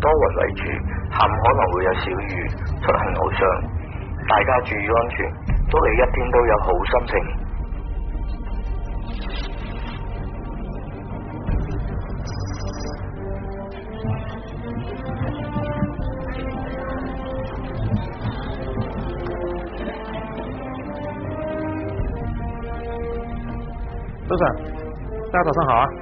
多雲為主，下午可能會有小雨，出行路上大家注意安全，祝你一天都有好心情。早晨，大家早上好啊！